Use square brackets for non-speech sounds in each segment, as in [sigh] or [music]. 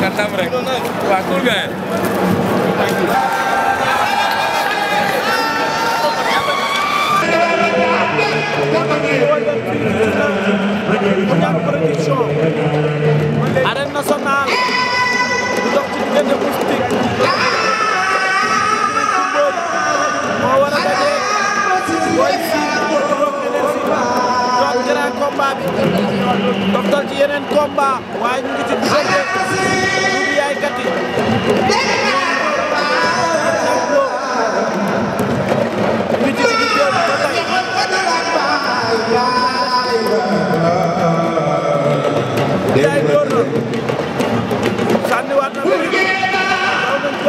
nga tam rek waa cool gars Mondial Production arène nationale bu dox ci diggante Moustique combat bi doftal ci yeneen combat waaye ñu ngi ci diggante Doudou Yaye Katy Yaay door na sànniwaat na ko daw nañ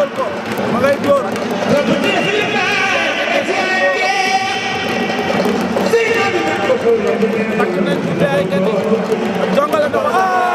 jël ko ma ngay door takk nañ ci ay gerte jongale na ko ah!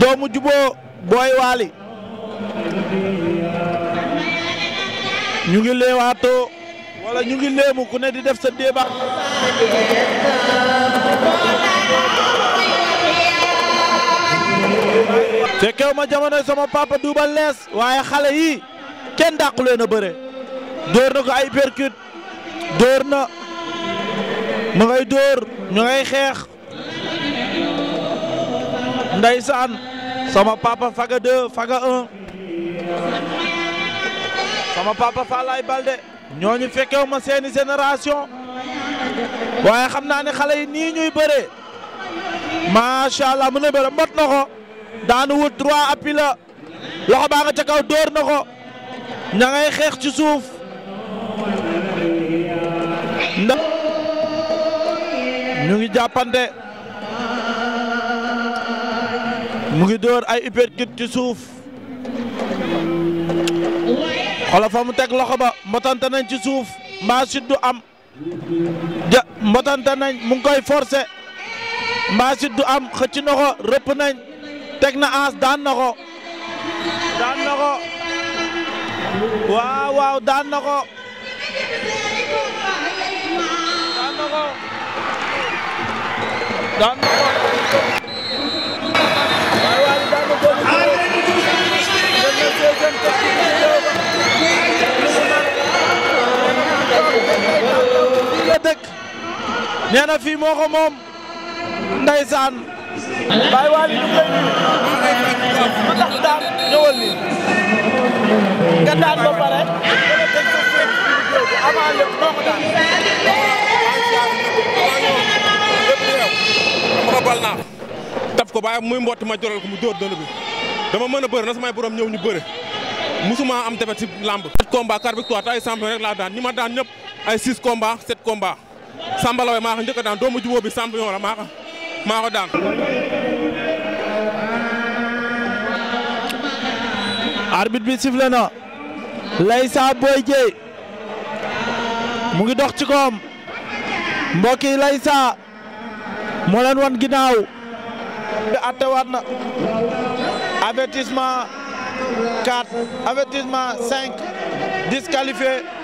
doomu juboo booy waali ñu ngi leewaatoo wala ñu ngi leemu ku ne di def sa débat. fekkew ma jamonoy sama papa duuba lees waaye xale yi kenn dàqu leen a bëre dóor na ko ay percute dóor na ma ngay dóor ñu ngay xeex ndeysaan sama papa faga deux faga un sama papa Fallaye Balde ñooñu fekkew ma seeni génération waaye xam naa ne xale yi nii ñuy bëree macha allah mu ne bëre mbot na ko daanu wut droit appui loxo baa nga ca kaw dóor na ko ña ngay xeex ci suuf ndax ñu ngi jàppante mu ngi dóor ay uppercut ci suuf xoolal fa mu teg loxo ba mbotante nañ ci suuf mbaa sit du am ja nañ mu ngi koy mbaa sit am xëcc na ko rëpp nañ teg na aas daan na waaw waaw daan na dëkk nee na fii moo ko moom ndeysaan Baye Waly ñu ngi lay nuyu ma tax daan ñëwal nii nga daan ba pare avant lépp ko daan ma bal muy mbott ma joral ko mu dóor dënn bi dama mën a bëri na samay borom ñëw ñu bëri musuma am defet ci làmb combat quatre victoire te ay champion laa daan ñi ma daan ñëpp ay 6 combats 7 combats Samba Laobé njëkk daan doomu jubóo bi Samba ñoo la maa ko maa ko na. Laysa Boy Dieye mu ngi dox ci koom mbokk yi Laysa moo leen wan ginnaaw. bi attewaat na avertissement 4 avertissement 5 disqualifié.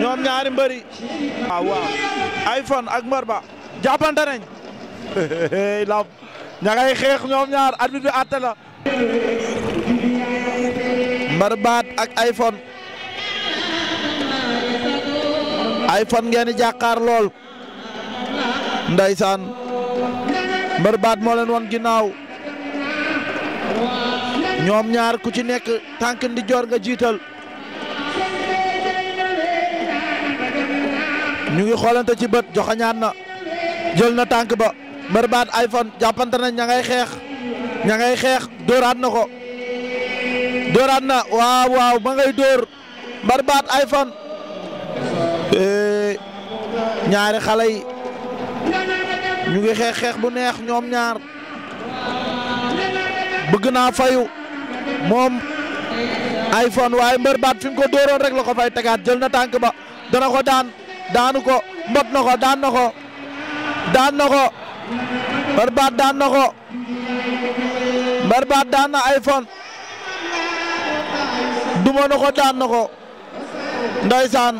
ñoom ñaari mbëri ah, waaw waaw ak mbër ba lam ña xeex ñoom ñaar arbitre bi àtte la ak ay fan ay fan ngeen jàkkaar lool ndeysaan mbër baat woon ginnaaw ñoom ñaar ku ci nekk tànk ndi joor nga jiital ñu ngi xoolante ci bët joxañaan na jël na tànk ba mbërbaat iphone jàppante nañ ña ngay xeex ña ngay xeex dóoraat na ko dóoraat na waaw waaw ma ngay dóor mbërbaat iphone eh, ñaari xale yi ñu ngi xeex xeex bu neex ñoom ñaar bëgg naa fayu moom iphone waaye mbërbaat fi mu ko dóoroon rek la ko tegaat jël na tànk ba dana ko daan daanu ko mbot na ko daan na ko daan na ko mbarbaat daan na ko mbarbaat daan na iphone duma na ko daan na ko ndeysaan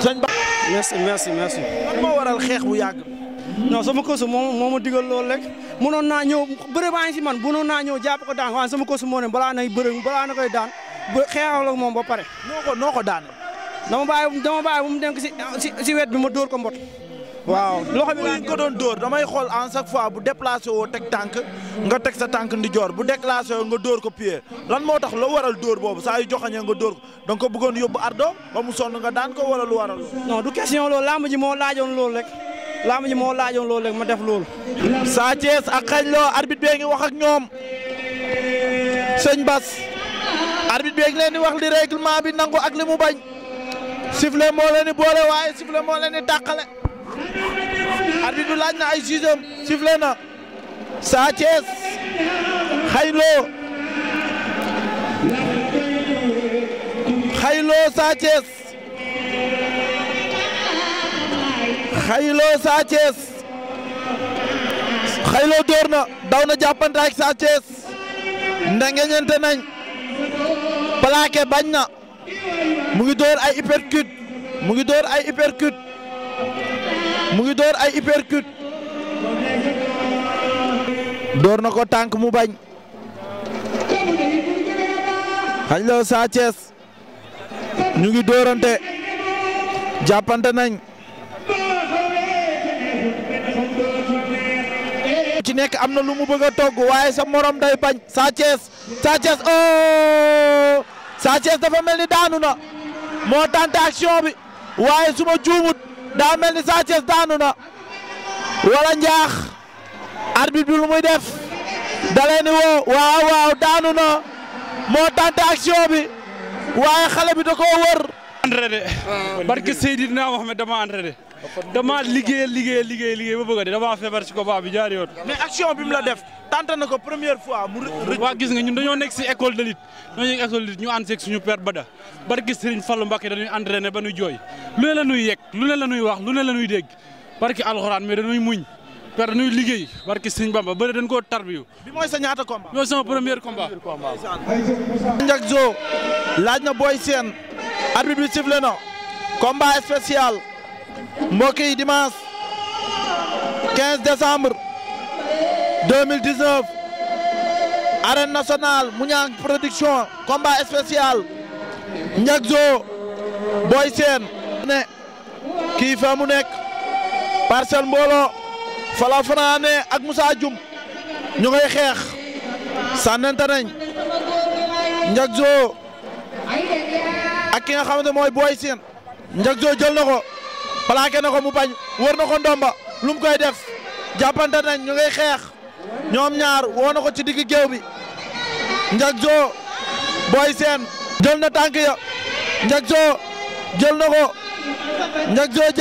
sëñ ba merci merci merci lan moo waral xeex bu yàgg non sama kosu moom moo ma lool loolu mu mënoon naa ñëw bëre baa si man mënoon naa ñëw jàpp ko daan waaye sama kosu moone ne balaa nay bëre balaa na koy daan ba xeexal ak moom ba pare noo ko noo dama bàyyi dama bàyyi mu denk si si wet bi ma dóor ko mbot. waaw loxo bi laa ko doon dóor damay xool en chaque fois bu déplacé woo teg tànk nga teg sa tànk ndi joor bu déplacé nga dóor ko pied lan moo tax la waral dóor boobu saa yu joxañee nga dóor ko donc ko bëggoon yóbbu ardo ba mu sonn nga daan ko wala lu waral. non du question loolu làmb ji moo laajoon loolu rek làmb ji moo laajoon loolu ma def loolu. saa Thiès ak xañ loo arbitre bee ngi wax ak ñoom sëñ Bas arbitre bee ngi leen di wax li bi nangu ak li mu bañ. sifflet moo leen di boole waaye sifflet moo leen di tàqale arbitre bi laaj na ay jugeem na Sa Thiès Khaylo Khaylo Sa Thiès Khaylo Sa Thiès Khaylo na daw na jàppante ak Sa Thiès ndengeñante nañ plaqué bañ na mu ngi door ay uppercut mu ngi door ay uppercut mu ngi door ay uppercut door na ko tànk mu bañ xañ la Sa Thiès ñu ngi dóorante jàppante nañ ci nekk am na lu mu bëgg a togg waaye sa morom day bañ Sa Thiès Sa oh! Sa Thiès dafa mel ni daanu na moo tante action bi waaye suma juumut daa mel ni Sa daanu na wala njaax arbitre bi muy def dalee woo waaw waaw daanu na moo tante action bi waaye xale bi da koo wër. entraîné ah. barke Seydina damaa liggéey liggéey liggéey liggéey ba bëgg a dee feebar ci combat bi jaar yoon. mais action bi mu la def tenté na ko première fois mu. waa gis nga ñun dañoo nekk ci école de lutte dañoo nekk école de lutte ñu ànd seeg suñu père Bada barki Serigne Fallou Mbacké dañuy entraîné ba ñuy jooy lu ne la ñuy yegg lu ne la ñuy wax lu ne la ñuy dégg barki alxuraan mais dañuy muñ. père dañuy liggéey barki Serigne Bamba bëri dañ koo tarbiyu. bi mooy sa ñaata combat. mooy mbokk yi dimanche 15 décembre 2019 arène nationale Mouniang production combat spécial Ndiak ne kii fa mu nekk parcelle mbooloo fala fanaane ak Moussa Dioum ñu ngay xeex sànnante nañ Ndiak ak ki nga xamante mooy Boy Sène Ndiak jël na ko plaqué na ko mu bañ wër na ko ndomba lu koy def jàppante nañ ñu ngay xeex ñoom ñaar woo na ko ci digg géew bi Ndiak Diop Boy Sène jël na tànk ya Ndiak Diop jël na ko Ndiak Diop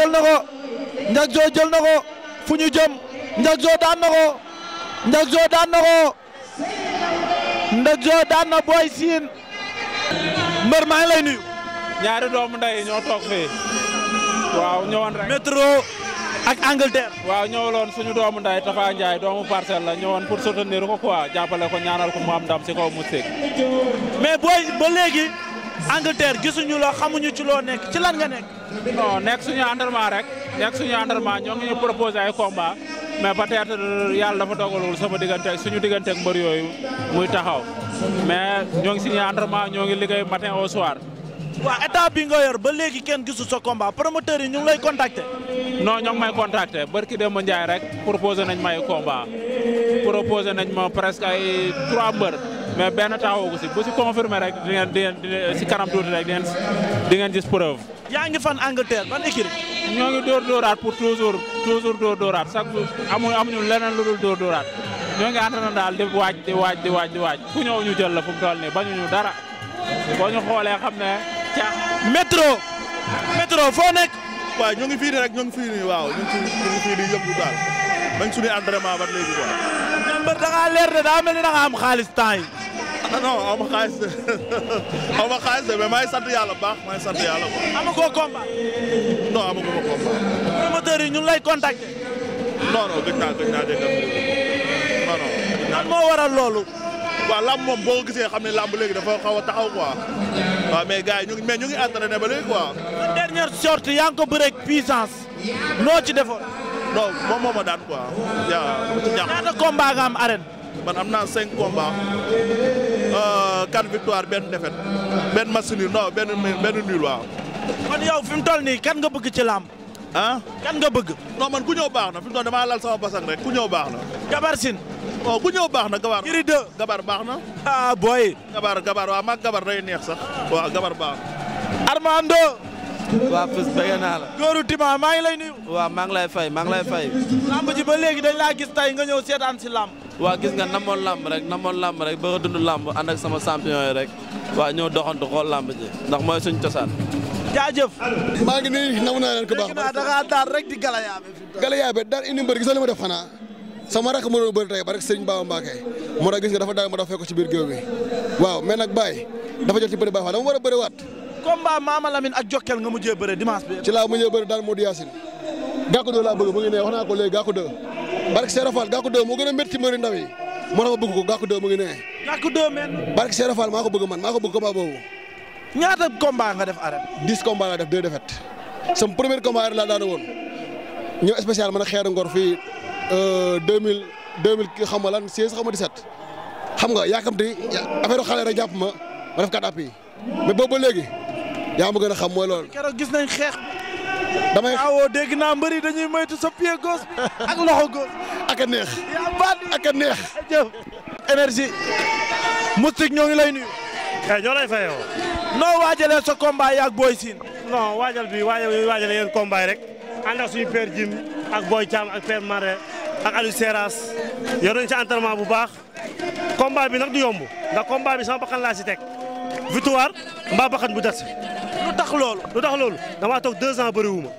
jël na ko fu ñu jëm Ndiak Diop daan na ko Ndiak Diop daan na ko Ndiak Diop daan ngi lay nuyu. ñaari doomu ndey ñoo toog fii. waaw ñëwoon rek métro ak Angleterre. waaw ñëwaloon suñu doomu nday Tafa Ndiaye doomu parcelle la ñëwoon pour soutenir ko quoi jàppale ko ñaanal ko mu am ndam si kaw Moustique. mais booy ba léegi Angleterre gisuñu la xamuñu ci loo nekk ci lan nga nekk. non nekk suñu entraînement rek nekk suñu entraînement ñoo ngi ñu proposé ay combat mais peut-être yàlla dafa dogalul sama diggante suñu diggante ak yooyu muy taxaw mais ñoo ngi suñu entraînement ñoo ngi liggéey matin waaw état bi nga yor ba léegi kenn gisu yi ñu lay contacter. non ñoo may contacter barki Demba rek proposé nañ may combat proposé nañ ma presque ay trois mbër mais benn taxawoo ko si bu si confirmé rek di ngeen di ngeen si kanam tuuti rek di ngeen di ngeen gis fan Angleterre ban équipe. ñoo ngi dóor dóoraat pour toujours toujours dóor dóoraat chaque jour amuñu leneen lu dul dóor dóoraat ñoo ngi daal di waaj di waaj di waaj ñu jël la fu mu toll nii caax. métro. métro foo nekk. waaw ñu ngi fii nii rek ñu ngi fii nii waaw ñu ngi ñu ngi fii di yëngu daal bañ suñu entraînement ba léegi quoi. ñoom da ngaa leer de daa mel ni da nga am xaalis temps yi. ah non aw ma xaalis de [laughs] aw ma xaalis de mais maa ngi sant yàlla baax maa ngi sant yàlla quoi. amagoo combat. non amaguma combat. promoteurs yi ñu ngi lay contacter. non non gëj naa gëj naa dégg non non. lan moo waral loolu. waaw làmb moom boo gisee xam ne làmb léegi dafa xaw a taxaw quoi wa mais gars yi ñu ngi mais ñu ngi entraîné ba léegi quoi. sa dernière sortie yaa ngi noo ci defoon. non moom moo ma daan quoi. jaa ci nga am arène. man am naa cinq combats euh, quatre victoire benn défaite benn match nul non benn benn nul waaw. kon yow fi mu nii kan nga bëgg ci làmb. ah kan nga bëgg. non man ku ñëw baax na fi maa toll damaa lal sama basang rek ku ñëw baax na. Jabar waaw oh, bu ñëw baax na gabaar Gris 2 gabaar baax na [laughs] ah booy gabaar gabaar waaw maag gabaar day neex sax waaw gabaar baax Armando waa pës bëgg naa la góoru tima maa ngi lay nuyu waaw maa ngi lay fay maa ngi lay fay lamb ji dañ laa gis tay nga ñëw seetaan si lam waa gis nga namoon lamb rek namoon lamb rek bëgg a dund lamb sama champion yi rek waa ñëw doxantu xool lamb ndax mooy suñ cosaan jaajëf maa ngi nuyu namu naa leen ko baax da ngaa rek di galayaabe galayaabe sama rakk ma doon bëri tey ba rek Serigne Baba Mbacké moo tax gis nga dafa daal ma dafa fekk ko ci biir géew bi waaw mais nag Baye dafa jot ci bëri Baye Fall dama war a bëri waat combat Mama Lamine ak Jokkel nga mujjee bëri dimanche bi ci laa mujjee bëri daal Modou Yacine gàkku doo laa bëgg mu ngi ne wax naa ko léegi gàkku doo barke Seera Fall gàkku doo moo gën a métti mëri ndaw yi moo tax ma bëgg ko gàkku doo mu ngi ne gàkku doo men barke Seera Fall maa ko bëgg man maa ko bëgg combat boobu ñaata combat nga def arène dix combat laa def deux défaites sama premier combat arène laa daana woon ñëw spécial man a xeeru ngor fii Euh, deux mille deux mille xam nga lan seize xam nga dix-sept xam nga yaakamti affaire xale rek jàpp ma ma def kat appui mais boobu ba léegi yaa ma gën a xam mooy lool keroog gis nañ xeex damay waaw dégg naa mbari dañuy moytu sa pied gauche [laughs] ak loxo gauche. ak a neex ak a neex. énergie. Moustique ñoo ngi lay nuyu. kay eh, ñoo lay fayoo. noo waajalee sa combat yaak Boy Sine. non waajal bi waajal bi waajalee yéen rek. ànd ak suñu père Jim ak Boy Thiam ak père Maré ak Aliou Seras yor nañu ci entraînement bu baax combat bi nag du yomb ndax combat bi sama bakkan laa si teg victoire mbaa bakkan bu des. lu tax loolu lu tax loolu damaa toog deux ans bëriwuma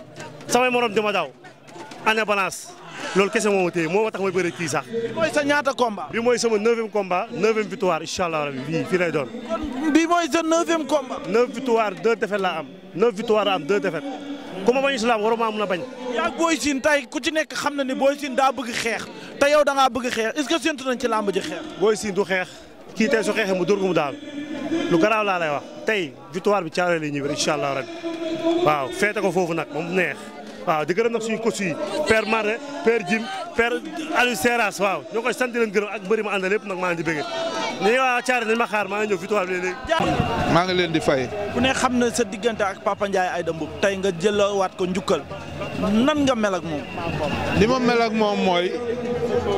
samay morom di ma daaw année balance loolu kese moo ma téye moo ma tax may bëri kii sax. bi mooy sa ñaata combat. bi mooy sama neuvième combat neuvième victoire incha allah rabi fii fii lay doon. kon bi sa neuvième combat. neuf victoire deux défaites laa am neuf victoire am deux défaites. ku ma bañ islam waruma mun a bañ. yaa Boy Sine tey ku ci nekk xam na ni Boy Sine daa bëgg xeex te yow da ngaa bëgg xeex est-ce que séntu nañ ci làmb ji xeex. Boy Sine du xeex kii tey su xeexee mu dóor daal lu garaaw laa lay wax tey victoire bi caare la ñëw incha allah rabbi waaw feete ko foofu nag moom neex. waaw di gërëm nag suñu coach yi père Maré père Jim père Aliou Seras waaw ñoo koy sant leen gërëm ak bëri ma àndal yëpp nag maa ngi di ñu ngi waa Thiaré nañ ma xaar maa ngi ñëw victoire bi léegi. maa ngi leen di fay. ku ne xam na sa diggante ak Papa ay Aïda tey nga jëlawaat ko njukkal nan nga mel moom. li ma mel moom mooy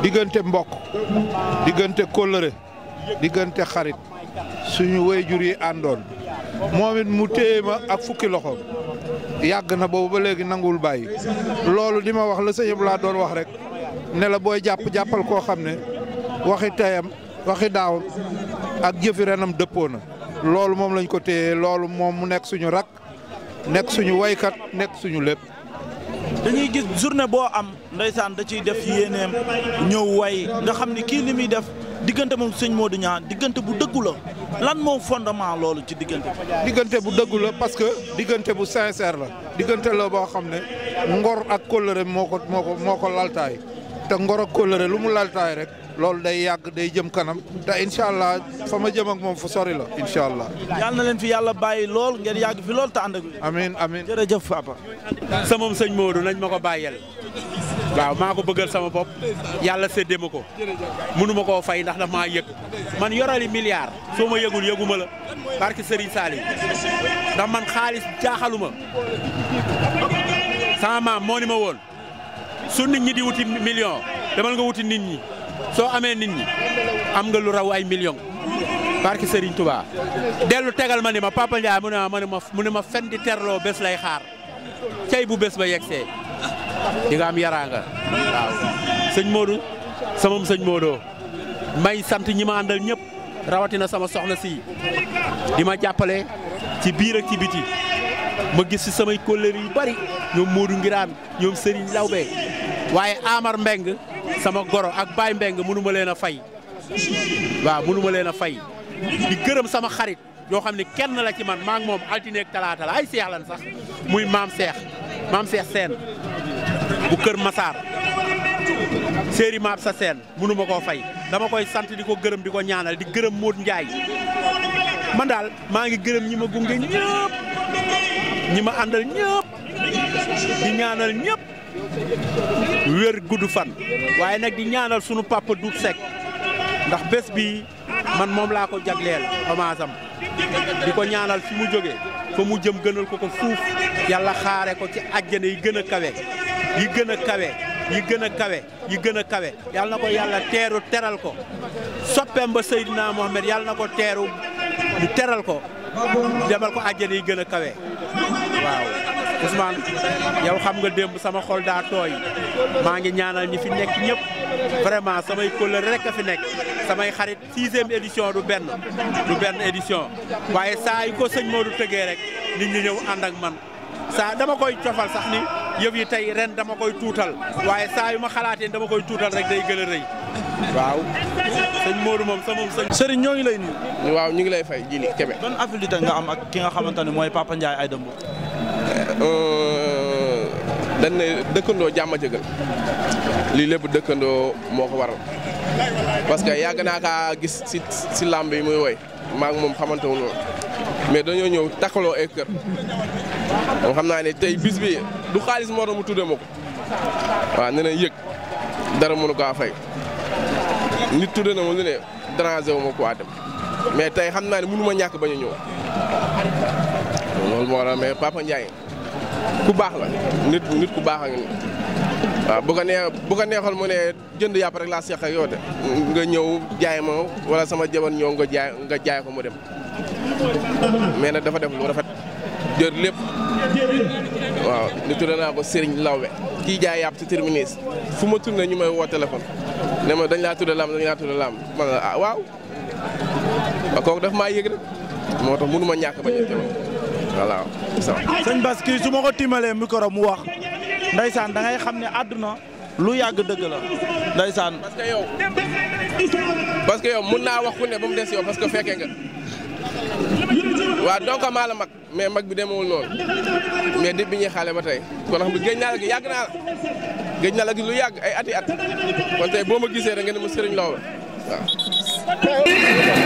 diggante mbokk diggante kóllëre diggante xarit suñu wayjur yi àndoon moom mu téye ma ak fukki loxoom yàgg na boobu ba léegi nanguwul bàyyi loolu di ma wax la sa yëpp laa doon wax rek ne la booy jàpp jàppal koo xam ne waxi waxi daaw ak jëfi renam dëppoo na loolu moom lañ ko téye loolu moom mu nekk suñu rak nekk suñu woykat nekk suñu lépp. dañuy gis journée boo am ndeysaan da ciy def yéeneem ñëw way nga xam ni kii li muy def diggante moom moo Modou Niang diggante bu dëggu la lan moo fondement loolu ci diggante diggante bu dëggu la parce que diggante bu sincère la diggante la boo xam ne ngor ak kóllëre moo ko moo ko moo ko laltaay te ngor ak kóllëre lu mu laltaay rek. loolu day yàgg day jëm kanam te incha allah fa ma jëm moom fu sori la incha allah. yàlla na leen fi yàlla bàyyi lool ngeen yàgg fi lool te ànd ak. amiin amiin jërëjëf papa. sa moom sëñ Modou nañ ma ko bàyyel waaw maa ko bëggal sama bopp yàlla séddee ma ko mënu ma koo fay ndax daf maa yëg man yorali milliard soo ma yëgul yëguma la barki Serigne Saliou ndax man xaalis jaaxaluma sama maam moo ni ma woon su nit ñi di wuti million demal nga wuti nit ñi. soo amee nit ñi am nga lu raw ay millions barki Serigne Touba dellu tegal ma ni ma Papa Ndiaye mu ne ma mu ne ma fen di terloo bés lay xaar cey bu bés ba yegsee di nga am yaraanga waaw sëñ Modou samam sëñ moodoo may sant ñi ma àndal ñëpp rawatina sama soxna si di ma jàppale ci biir ak biti ma gis ci samay kóllëre yu bari ñoom Modou Ngiraan ñoom Serigne Lawbe waaye Amar Mbeng sama goro ak baay Mbeng mënu ma leen a fay waaw mënu ma leen a fay di gërëm sama xarit yoo xam ne kenn la ci man maa ngi moom altine ak talaata la ay seex lan sax muy maam seex maam seex seen bu kër Masaar séeri maam sa seen mënu koo fay dama koy sant di ko gërëm di ko ñaanal di gërëm Modou Ndiaye man daal maa ngi gërëm ñi ma gunge ñëpp ñi ma àndal ñëpp di ñaanal ñëpp wér gudd fan waaye nag di ñaanal sunu papa Duub sek ndax bés bi man moom laa ko jagleel hommage am di ko ñaanal fi mu jógee fa mu jëm gënal ko ko fuuf yàlla xaare ko ci àjjana yi gën a kawe yi gën a kawe yi gën a kawe yi gën a kawe yàlla na ko yàlla teeru teral ko soppeem ba Seydina Mohamed yàlla na ko teeru mu teral ko demal yi gën a kawe waaw Ousmane yow xam nga démb sama xol daa tooy maa ngi ñaanal ñi fi nekk ñëpp vraiment samay kóllëre rek a fi nekk samay xarit sixième édition du benn du benn édition waaye saa yu ko sëñ Modou tëgee rek nit ñi ñëw ànd ak man saa dama koy cofal sax ni yëf yi tey ren dama koy tuutal waaye saa yu ma xalaatee dama koy tuutal rek day gën a rëy waaw sëñ Modou moom sama sëñ. Serigne ñoo ngi lay nuyu. waaw ñu ngi lay fay ji li Kébé. ban affinité nga am ak ki nga xamante ne mooy Papa Ndiaye ay dëmb. Euh, dañ ne dëkkandoo jàmm a jëgal lii lépp dëkkandoo moo ko waral parce que yàgg naa kaa gis si si làmb yi muy woy maa moom xamante wu noonu mais dañoo ñëw takkaloo ay moom xam naa ne tey bis bi du xaalis moo doon mu tuddee ma ko waaw na yëg dara mënu kaa fay nit tudde na ma lu ne dérangé wu ma ko mais tey xam naa ne mënu ma ñàkk bañ ñëw loolu moo waral mais Papa Ndiaye. ku baax la nit nit ku baax a ngi waaw bu ko nee bu ko neexoon mu ne jënd yàpp rek laa seq ak yow de nga ñëw jaay ma wala sama jabar ñëw nga jaay nga jaay ko mu dem mais nag dafa def lu rafet jël lépp waaw ni tuddee naa ko Serigne Lawbe kii jaay yàpp ci terminus fu ma tourné ñu may woo téléphone ne ma dañ laa tudda lam dañ laa tudda lam ma ne ah waaw kooku daf maa yëg rek moo tax mënu ma ñàkk bañ a voilà. sëñ Bass kii su ma ko timalee micro mu wax ndaysaan da xam ne àdduna lu yàgg dëgg la ndaysaan. parce que yow parce que yow mun naa wax ku ne ba mu des yow parce que fekkee nga. waaw donc maa mag mais mag bi demewul noonu mais dib bi ñuy xaale ba tey kon xam nga géej naa la gi yàgg naa la géej naa lu yàgg ay ati at kon tey boo ma gisee nga ne ma sëriñ Lo waaw.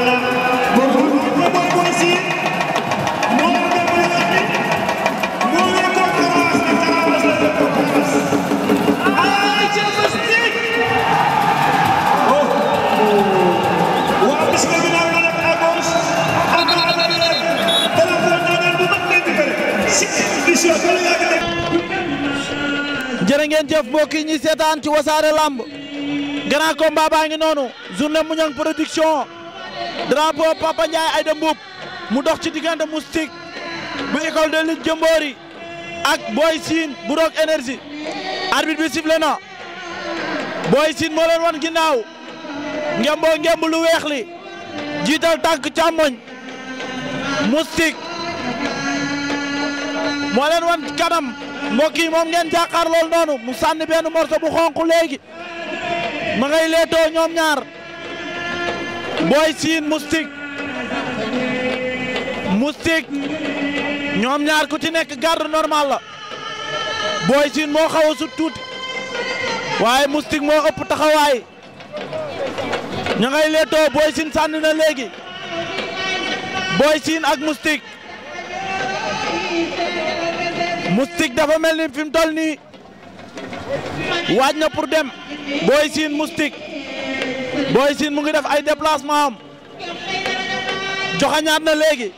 ngeen jëf mbokk yi seetaan ci wasaare lamb grand combat noonu journée Mouniang production drapeau Papa Ndiaye Aïda Mboup mu dox ci diggante Moustique bu école de lutte Jëmboori ak Boy Sine bu Rock énergie arbitre bi sifflé na Boy Sine wan ginnaaw ngemboo ngemb lu weex li jiital tànk càmmoñ Moustique moo wan kanam mbokk yi moom ngeen jàkkaar lool noonu mu sànni benn morso bu xonq léegi ma ngay leetoo ñoom ñaar booy siin moustique moustique ñoom ñaar ku ci nekk garde normal la booy siin moo xaw a tuuti waaye moustique moo ëpp taxawaay ña ngay leetoo booy siin sànni na léegi boy siin ak moustique Moustique dafa mel ni fi mu toll nii waaj na pour dem Boy siin Moustique Boy Sine mu ngi def ay déplacement am joxañaat na léegi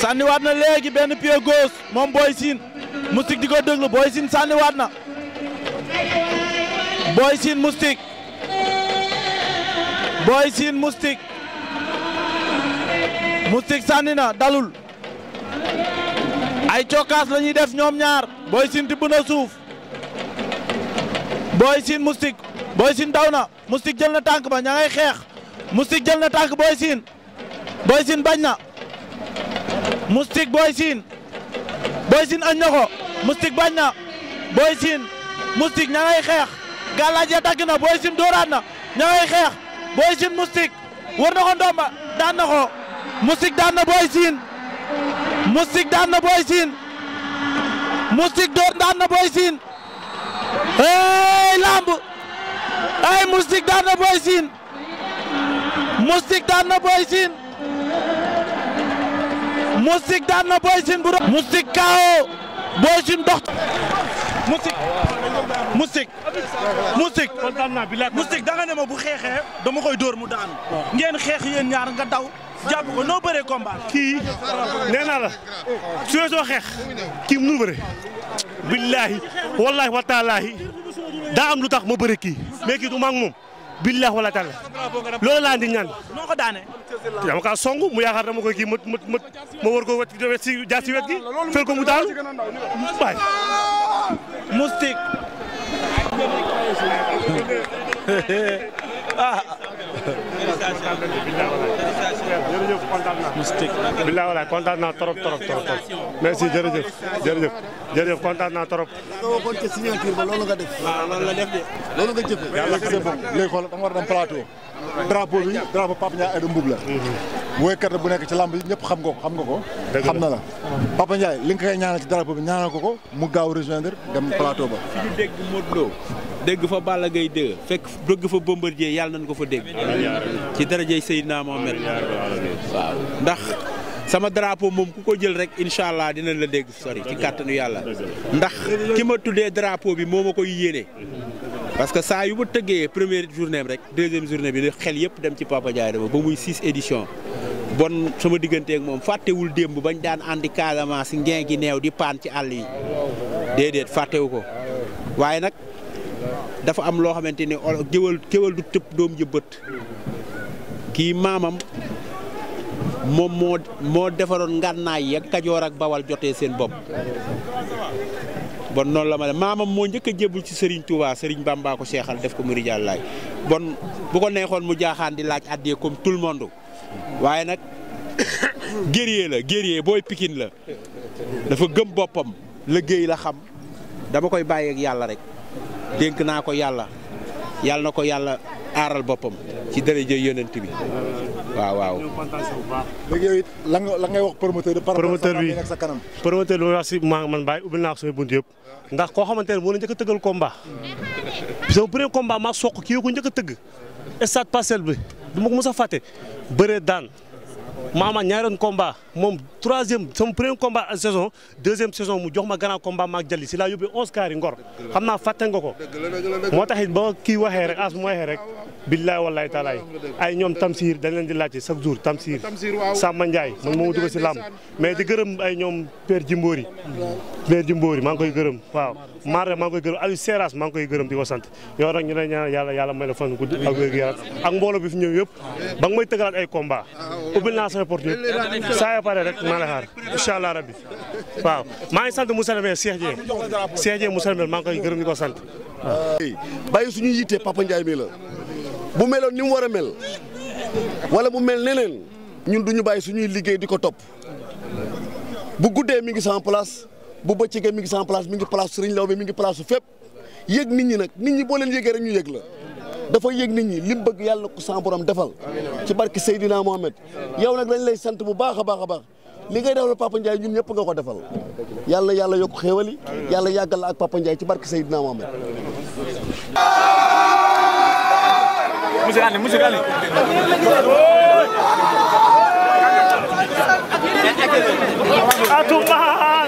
sànniwaat na léegi benn pied gauche moom Boy Sine Moustique di ko déglu Boy Sine sànniwaat na Boy Sine Moustique Boy Sine Moustique Moustique sànni na dalul ay cokkaas la ñuy def ñoom ñaar booy Sine tibb na suuf Boy Sine Moustique Boy Sine daw na Moustique jël na tànk ba ña xeex Moustique jël na tànk Boy Sine Boy Sine bañ na Moustique Boy Sine Boy Sine añ na ko Moustique bañ na Boy Sine Moustique ña ngay xeex gàllaaj ya dagg na Boy Sine dóoraat na ña xeex Boy Sine Moustique war na ko ndomba daan na ko Moustique daan na Boy Sine Moustique daan na Boy Sine Moustique door daan na Boy Sine hey daan na Boy Sine Moustique daan na Boy Sine Moustique daan na Boy Sine bu doon. Moustique KO Boy Sine dox. Moustique Moustique Moustique Moustique da nga ne ma bu xeexee dama koy dóor mu daanu ngeen xeex yéen ñaar nga daw. jàpp ko noo bëree kii nee naa su weesoo xeex kii mu nu bëre. billaahi wallaahi wa taalaahi daa lu tax ma bëre kii mais kii du ma ak moom. billah wala taala loolu laa di ñaan. noo ko daane. dama kaa song mu yaakaar dama koy kii ma war ko wet si jaar si wet gi fel ko mu daal waay. moustique. [laughs] Ah. jërëjëf kontaan naa. mystique bilaay walaay kontaan naa trop trop merci jërëjëf jërëjëf jërëjëf kontaan naa trop. loolu nga def. loolu la def de. loolu nga jëfee. yàlla gisee bopp léegi xool da nga war a dem plateau. drapeau bi drapeau Papa Ndiaye Aida la. woykat bu nekk ci lamb yi ñëpp xam nga ko xam nga ko. xam na la Papa Ndiaye li nga ci drapeau bi ñaanal ko ko mu gaaw rejoindre dem plateau ba. dégg fa Balla gay 2 fekk bëgg fa Bombardier yàlla nañ ko fa dégg. ci darajay Seydina Mohamed waaw ndax sama drapeau moom ku ko jël rek incha allah dinañ la dégg sori ci kàttanu yàlla ndax ki ma tuddee drapo bi moo ma koy yéene. parce que saa yu ma tëggee première journée rek deuxième journée bi xel yëpp dem ci Papa Ndiaye Demba ba muy six édition bon sama digganteek moom fàttewul démb bañ daan andi Casamance ngeen gi neew di paan ci àll yi déedéet fàttewu ko dafa am loo xamante ni géwal géwal du tëb doom ji kii maamam moom moo moo defaroon ngànnaay ya kajoor ak bawal jotee seen bopp bon noonu la ma ne maamam moo njëkk a jébul ci Serigne Touba Serigne Bamba ko seexal def ko muri jàllaay bon bu ko neexoon mu jaaxaan di laaj àddee comme tout le monde waaye nag [coughs] guerrier la guerrier booy pikin la dafa gëm boppam liggéey la xam dama koy bàyyi yàlla rek. dénk naa ko yàlla yàlla na ko yàlla aaral boppam ci daraja yonent bi waaw waaw. léegi yow it lan nga lan ngay wax promoteur bi. promoteur bi promoteur bi mooy wax si maa man Baye ubbil naa ko samay bunt yëpp. ndax koo xamante ne moo la njëkk a tëggal combat. sama premier maa soq kii ko njëkk a tëgg. stade parcelle bi du ma ko mos a fàtte bëree daan. maa ma ñaareelu moom troisième sama premier combat saison deuxième saison mu jox ma grand combat maag Jali si laa yóbbee onze kaar ngor xam naa fàtte nga ko moo taxit ba kii waxee rek as mu waxee rek billaay wallaay taalaay ay ñoom Tamsir dañ di laajte chaque jour Tamsir Samba Ndiaye man moo dugg si làmb mais di gërëm ay ñoom Père Jimbori Père maa ngi koy gërëm waaw Mara maa ngi koy gërëm Aliou Seras maa ngi koy gërëm di ko sant yow nag ñu lay yàlla yàlla may la fan gudd ak wér-gu-yaram ak ay combat ubbil naa sama maa la xaar incha allah rabbi maa ngi sant Moussa Lamé Cheikh Dieng Cheikh Dieng Moussa Lamé maa koy gërëm di ko sant waaw suñu yitte Papa Ndiaye mi la bu meloon ni mu war a mel wala bu mel neneen ñun du ñu bàyyi suñuy liggéey di ko topp bu guddee mi ngi sans place bu bëccëgee mi ngi sans place mi ngi place su Sëriñ mi ngi place su fépp yëg nit ñi nag nit ñi boo leen yëgee rek ñu yëg la dafa yëg nit ñi lim bëgg yàlla ko sans borom defal ci barke Seydina Mohamed yow nag dañ lay sant bu baax a baax a baax li ngay defal Papa njaay ñun ñëpp nga ko defal yàlla yàlla yokk xéewali yàlla yàggal la ak Papa Ndiaye ci barke Seydina Mohamed Monsieur Kane monsieur Kane. Atouma.